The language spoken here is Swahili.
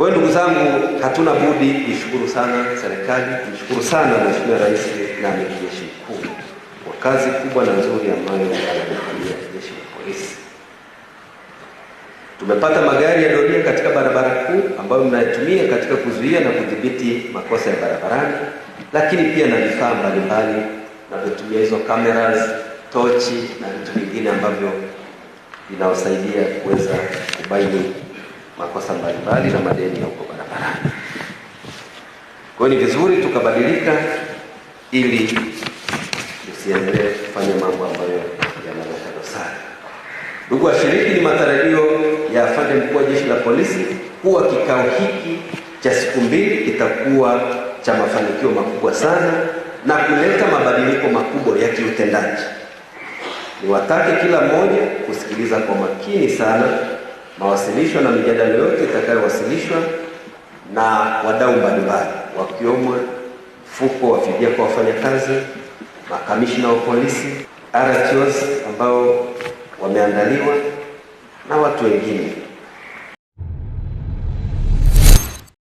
Kwa hiyo ndugu zangu, hatuna budi kushukuru sana serikali, kushukuru sana Mheshimiwa Rais na Amiri Jeshi Mkuu kwa kazi kubwa na nzuri ambayo anaifanyia Jeshi la Polisi. Tumepata magari ya doria katika barabara kuu ambayo mnayatumia katika kuzuia na kudhibiti makosa ya barabarani, lakini pia na vifaa mbalimbali navyotumia hizo cameras, tochi na vitu vingine ambavyo vinawasaidia kuweza kubaini makosa mbalimbali na madeni ya huko barabarani. Kwa hiyo ni vizuri tukabadilika ili tusiendelee kufanya mambo ambayo yanaleta dosari. Ndugu washiriki, ni matarajio ya afande mkuu wa jeshi la polisi kuwa kikao hiki cha siku mbili kitakuwa cha mafanikio makubwa sana na kuleta mabadiliko makubwa ya kiutendaji. Niwatake kila mmoja kusikiliza kwa makini sana mawasilisho na mijadala yote itakayowasilishwa na wadau mbalimbali wakiwemo mfuko wa fidia kwa wafanyakazi, makamishna wa polisi, RTOs ambao wameandaliwa na watu wengine.